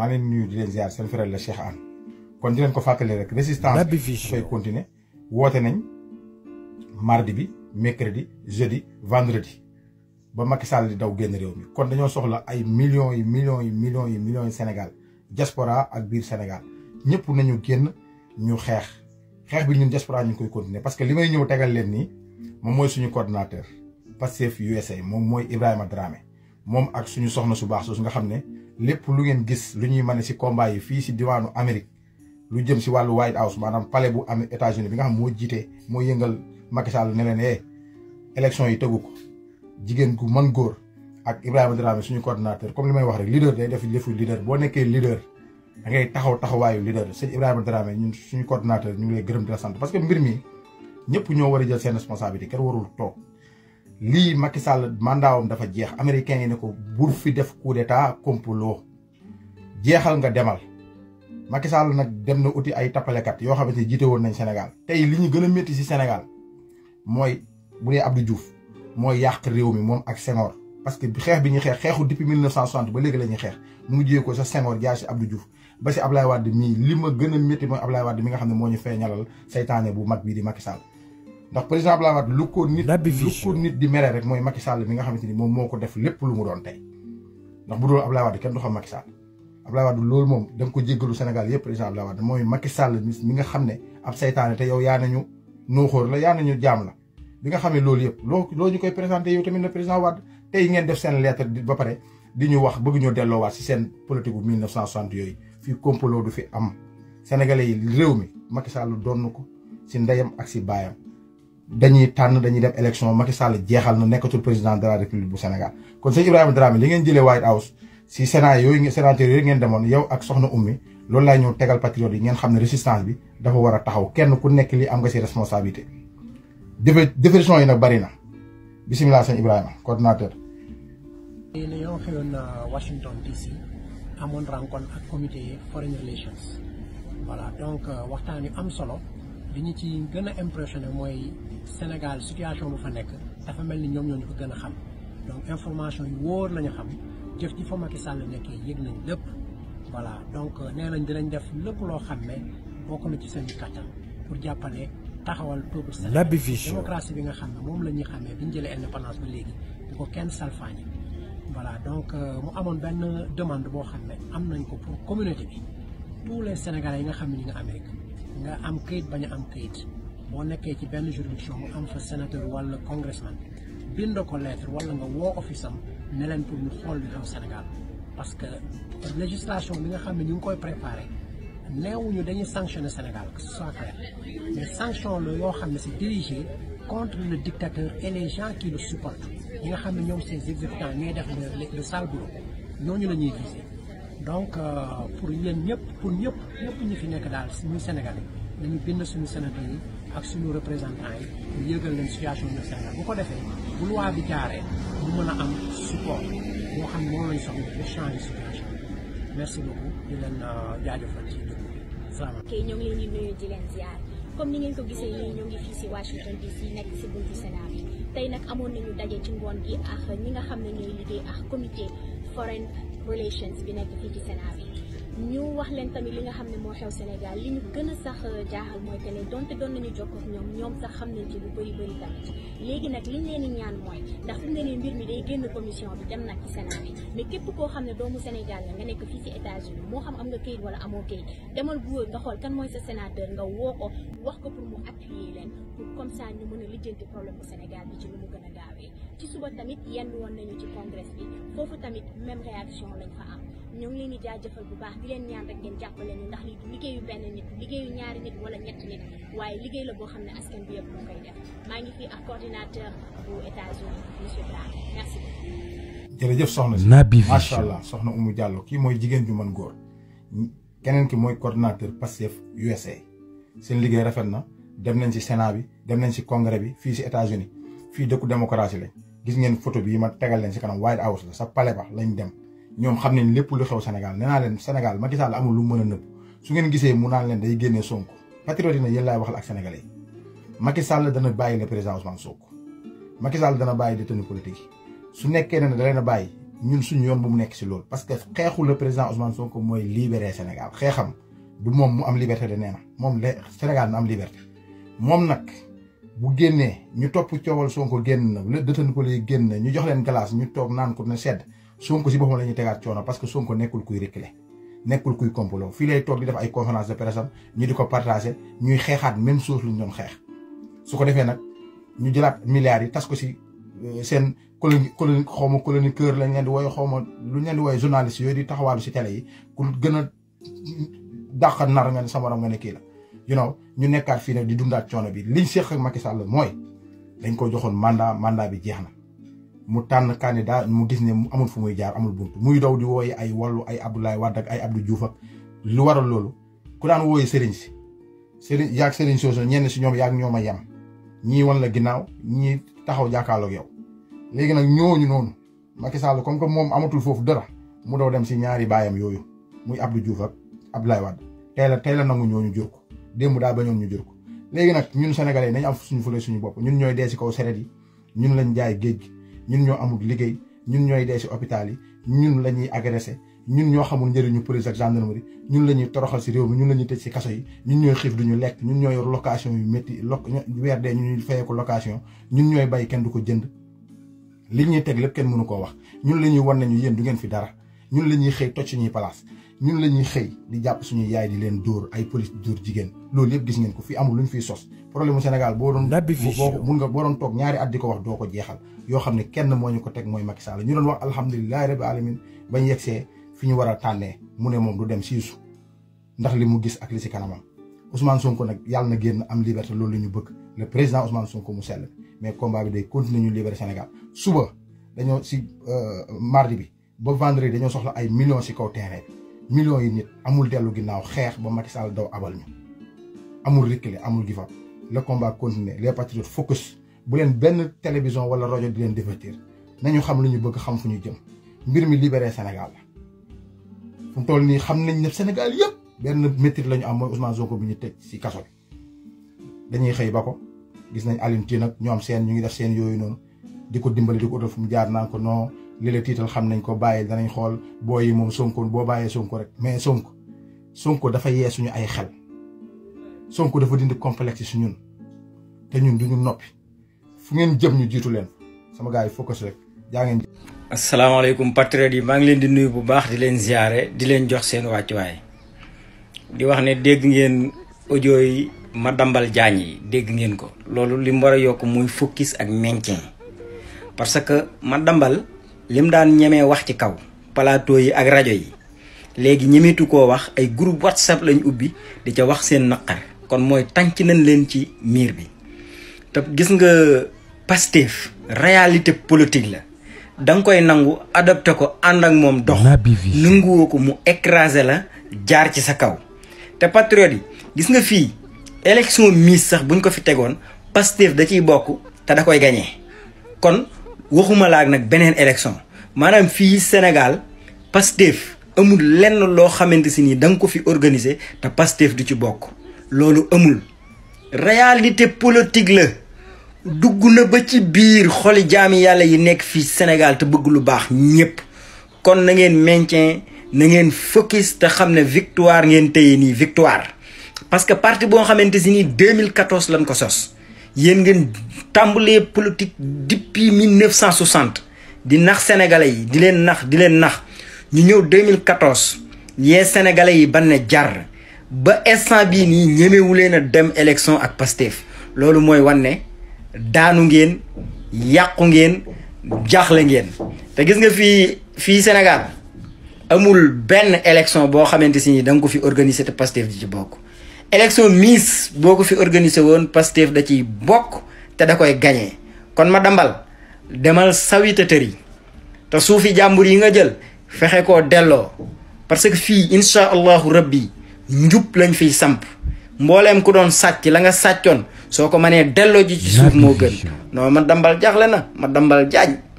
maa leen nuyu di leen ziar seen frère la Cheikh Anne kon di leen ko fàttali rek résistance bi fay continuer woote nañ mardi bi mercredi jeudi vendredi ba Macky Sall di daw génn réew mi kon dañoo soxla ay millions yi millions yi millions yi millions yi Sénégal diaspora ak biir Sénégal ñëpp nañu génn ñu xeex xeex bi ñun diaspora ñu koy continuer parce que li may ñëw tegal leen nii moom mooy suñu coordinateur Pastef USA moom mooy Ibrahima Dramé moom ak suñu soxna su baax soosu nga xam ne lépp lu ngeen gis lu ñuy mane si combat yi fii si diwaanu Amérique lu jëm si wàllu White House maanaam palais bu am états bi nga xam moo jiite moo yëngal Macky Sall ne leen eh élection yi tegu ko jigéen gu mën góor ak Ibrahima Dramé suñu coordinateur comme li may wax rek leader day def lefu leader boo nekkee leader da ngay taxaw taxawaayu leader sëñ Ibrahima Dramé ñun suñu coordinateur ñu ngi lay gërëm di la sant que mbir ñëpp ñoo war a jël seen responsabilité kenn warul toog. li Macky Sall mandaawam dafa jeex américain yi ne ko bur fi def coup d'état complot jeexal nga demal Macky Sall nak dem na uti ay tapale kat yo xamanteni jité won nañ Sénégal tay li ñu gën a si Sénégal moy bu dee Abdou Diouf moy yaq réew mi mom ak Senghor parce que xeex bi ñuy xex xexu depuis 1960 ba légui lañu xex mu ngi ko sa Senghor jaar ci Abdou Diouf ba ci Abdoulaye Wade mi lima gëna gën moy Abdoulaye Wade mi nga xamne ne ñu bu mag bi di Macky Sall ndax président blamat lu ko nit lu ko nit di méré rek moy Macky Sall mi nga xamanteni ni moko def lepp lu mu doon tay ndax bu dul Abdoulaye Wade kenn du xam Macky Sall Abdoulaye Wade lool mom dang ko jéggalu Sénégal yépp président Abdoulaye Wade moy Macky Sall mi nga xamné ne ab saytaane té yow ya nañu xor la ya nañu jam la bi nga xam lool yépp lo loo ñu koy présenter yow tamit le président Wade tay ngeen def sen lettre di ba paré di ñu wax bëgg délo delloowaat ci sen politique 1960 yoy fi complot du fi am sénégalais yi réew mi Macky Sall doon na ko si ak ci bayam dañuy tànn dañuy dem élection Macky Sall jeexal na nekkatul président de la république bu Sénégal kon sëñ Ibrahima Dramé li ngeen jëlee White House si sénat yooyu sénateur yooyu ngeen demoon yow ak soxna ummi loolu laay ñëw tegal patriote yi ngeen xam ne résistance bi dafa war a taxaw kenn ku nekk li am nga si responsabilité. défe définition yi nag bari na bisimilah sëñ Ibrahima coordonnateur. léegi yow xewoon euh, Washington DC amoon rencontre ak donc euh, waxtaan yu am solo. li ñu ci gën a impressionné mooy Sénégal situation bu fa nekk dafa mel ni ñoom ñoo ñu ko gën a xam donc information yu wóor nañu xam jëf ji fa Macky Sall nekkee yëg nañ lépp voilà donc nee nañ dinañ def lépp loo xam ne bokk na ci seen kàttan pour jàppale taxawal peuple Sénégal démocratie bi nga xam ne moom la ñuy xamee bi ñu jëlee indépendance ba léegi di ko kenn salfaañi voilà donc mu amoon benn demande boo xam ne am nañ ko pour communauté bi tous les Sénégalais yi nga xam ne ñu ngi Amérique nga am kayit bañ a am kayit boo nekké ci benn juridiction mu am fa sénateur wala congressman bind ko lettre wala nga wo office am ne leen pour ñu xool li xew Sénégal parce que législation bi nga xam ne ñu ngi koy préparé neewuñu dañuy sanctionner Sénégal que ce soit clair mais sanction la yoo xam ne c'est dirigé contre le dictateur et les gens qui le supportent ñi nga xam ne ñoom ses exécutants ñooy def le le sale boulot ñooñu la ñuy visé donc euh, pour yéen ñëpp pour ñëpp ñëpp ñu fi nekk daal muy sénégalais nañu bind suñu sénégalais yi ak suñu représentants yi ñu yëgal leen situation bu ko defee bu loi bi jaaree mu mën a am support boo xam ne moom lañ soxla pour changer situation merci beaucoup di leen euh, jaajëfal ci déglu bi vraiment. ok ñoo ngi leen di nuyu di leen ziar comme ni ngeen ko gisee ñoo ngi fii si Washington DC nekk si buntu Sénégal tey nag amoon nañu daje ci ngoon gi ak ñi nga xam ne ñooy liggéey relations bi nekk fii ci Sénat ñu wax leen tamit li nga xam ne moo xew Sénégal li ñu gën sax euh, jaaxal mooy que ne donte doon nañu jokkoog ñoom ñoom sax xam nañ ci lu bëri bëri léegi nag liñ leen di ñaan mooy ndax fi mu ne nii mbir mi day génn commission bi dem nag ci Sénat mais képp koo xam ne doomu Sénégal la nga nekk fii ci États-Unis moo xam am nga kayit wala amoo kayit demal bu nga xool kan mooy sa sénateur nga woo ko wax ko pour mu appuyer leen pour comme ça ñu mën a lijjanti problème bu Sénégal bi ci lu ci suba tamit yenn woon nañu ci congrès bi foofu tamit même réaction lañ fa am ñoo ngi leen di jaajëfal bu baax di leen ñaan rek jàppale ñu ndax li du liggéeyu benn nit liggéeyu ñaari nit wala ñetti nit waaye liggéey la boo xam ne askan bi yëpp moo koy def maa ngi fi ak coordinateur bu États-Unis monsieur Dramé merci. jërëjëf soxna si Naby Vision macha allah soxna Oumou jàll kii mooy jigéen ju mën góor keneen ki mooy cordinateur Pastef USA seen liggéey rafet na dem nañ ci Sénat bi dem nañ ci congrès bi fii ci états fii dëkku démocratie lañ. gis ngeen photo bi ma tegal leen si kanam White House la sa palais ba lañ dem ñoom xam ne lépp lu xew Sénégal nee naa leen Sénégal Macky Sall amul lu mën ngeen gisee mu naan leen day génnee Sonko patriote yi nag yéen laay waxal ak sénégalais yi Macky dana bàyyi le président Ousmane Sonko Macky dana bàyyi détenu politique yi su nekkee ne da leen bàyyi ñun suñu yoon bu mu nekk si loolu parce que xeexu le président Ousmane Sonko mooy libéré Sénégal xeexam du moom mu am liberté de nee na moom Sénégal am liberté moom nag bu génnee ñu topp coowal Sonko génn na la dëtan ko lay génn ñu jox leen glace ñu toog naan ko na sedd Sonko si boppam la ñuy tegaat coono parce que Sonko nekkul kuy réclé nekkul kuy complot fii lay toog def ay conférence de presse di ko partagé ñuy xeexaat même chose lu xeex su ko defee nag ñu jëlaat milliards yi tas ko si euh, seen colonie colonie xaw ma chroniqueur lañ leen di wooye xaw ma lu ñu wooye journaliste yooyu di taxawaalu si télé yi ku gën a dàq nar nga ne sama morom nga ne kii la you know ñu nekkaat fii nag di dundaat coono bi liñ seq ak Macky Sall mooy dañ ko joxoon mandat mandat bi jeex na mu tànn candidat mu gis ne amul fu muy jaar amul bunt muy daw di wooye ay wàllu ay Abdoulaye Wade ak ay Abdou Diouf ak lu waral loolu ku daan wooye sëriñ si sëriñ yaag sëriñ soosu ñenn si ñoom yaag ñoom a yem ñii wan la ginnaaw ñii taxaw jàkkaarloog yow léegi nag ñooñu noonu Macky Sall comme que moom amatul foofu dara mu dem si ñaari baayam yooyu muy Abdou Diouf ak tey la nangu ñooñu jur ko démb daa bañoon ñu jur ko léegi nag ñun sénégalais yi nañu am suñu fule suñu bopp ñun ñooy dee si kaw seret yi ñun lañ jaay géej gi ñun ñoo amul liggéey ñun ñooy dee si hôpital yi ñun lañuy ñuy ñun ñoo xamul njëriñu police ak gendarmerie ñun la ñuy toroxal si réew mi ñun la ñuy tëj si kaso yi ñun ñooy xiif duñu lekk ñun ñooy yor location yu métti lo weer dee ñu fayee ko location ñun ñooy bay kenn du ko jënd li ñuy teg lépp kenn mënu koo wax ñun la ñuy wan nañu yéen du ngeen fi dara la ñuy xëy toj suñuy place ñun la ñuy xëy di jàpp suñu yaay di leen dóor ay police dóor jigéen loolu yëpp gis ngeen ko fi amul lu ñu fiy sos problème mu Sénégal boo doon mun nga boo doon toog ñaari at di ko wax doo ko jeexal yoo xam ne kenn moo ñu ko teg mooy Macky Sall ñu doon wax alhamdulilahi rabbi alamin bañ yegsee fi ñu war a tànnee mu ne moom du dem siisu ndax li mu gis ak li si kanamam Ousmane Sonko nag yàlla na génn am liberté loolu la ñu bëgg le président Ousmane Sonko mu sell mais combat bi day continuer ñu libérer Sénégal suba dañoo si euh, mardi bi ba vendredi dañoo soxla ay millions si kaw terrain million yi nit amul dellu ginnaaw xeex ba Macky Sall daw abal ñu amul reculer amul give up le combat continue les patriotes focus bu leen benn télévision wala rajo di leen divertir nañu xam lu ñu bëgg xam fu ñu jëm mbir mi libéré Sénégal la fu mu toll nii xam nañ ne Sénégal yëpp benn métier la ñu am mooy Ousmane Sonko bi ñu teg si kaso bi dañuy xëy ba ko gis nañ Alioune Tine nag ñoom seen ñu ngi def seen yooyu noonu di ko dimbali di ko utal fu mu jaar naa ko non yële tiital xam nañ ko bàyyi danañ xool booy yi moom Sonko boo bàyyee Sonko rek mais sonk Sonko dafa yee suñu ay xel sonk dafa dindi complexe su ñun te ñun duñu noppi fu ngeen jëm ñu jiitu leen sama gars yi focus rek jaa ngeen. asalaamaaleykum patriotes yi maa ngi leen di nuyu bu baax di leen ziare di leen jox seen wàccuwaay di wax ne dégg ngeen audio yi ma dambal jaañ yi dégg ngeen ko loolu li mu war a yokk muy focus ak maintien parce que ma dambal. lim daan ñemee wax ci kaw plateau yi ak radio yi léegi ñemeetu ko wax ay groupe whatsapp lañ ubbi di ca wax seen nakar kon moy tanc nañ leen ci mir bi te gis nga Pastef réalité politique la dang koy nangu adopté ko and ak mom dox nangu ko mu écraser la jaar ci sa kaw té patriote gis nga fi élection mi sax buñ ko fi tégon Pastef da ci bokku té da koy gagner kon waxuma laak nag beneen élection maanaam fii Sénégal Pastef amul lenn loo xamante si nii da nga ko fi organiser te Pastef du ci bokk loolu amul réalité politique la dugg na ba ci biir xoli jaami yàlla yi nekk fii Sénégal te bëgg lu baax ñépp kon na ngeen maintien na ngeen focus te xam ne victoire ngeen téye nii victoire parce que parti boo xamante si nii 2014 lañ ko sos yéen ngeen tàmbalee politique depuis 1960 di nax sénégalais yi di leen nax di leen nax ñu ñëw 2014 yee sénégalais yi ban ne jar ba instant bii nii ñemewu leen a dem élection ak Pastef loolu mooy wan ne daanu ngeen yàqu ngeen jaaxle ngeen te gis nga fii fii Sénégal amul benn élection boo xamante si ni da ko fi organiser te Pastef ji ci bokk. élection Miss boo ko fi organisé woon Pastef da ciy bokk te da koy gañee kon ma dambal demal sawitatër yi te suufi jàmbur yi nga jël fexe ko delloo parce que fii insha allahu rabbi njub lañ fiy samp mbooleem ku doon sàcc la nga sàccoon soo ko mënee delloo ji ci suuf moo gën non ma dambal jaaxle na ma dambal jaañ